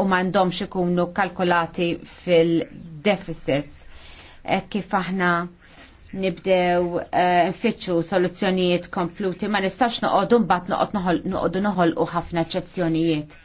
u m'għandhomx ikunu kalkulati fil-deficits. E kif aħna nibdew e, nfittxu soluzzjonijiet kompluti ma nistax noqogħdu mbagħad noqogħdu noħolqu ħafna eċċezzjonijiet.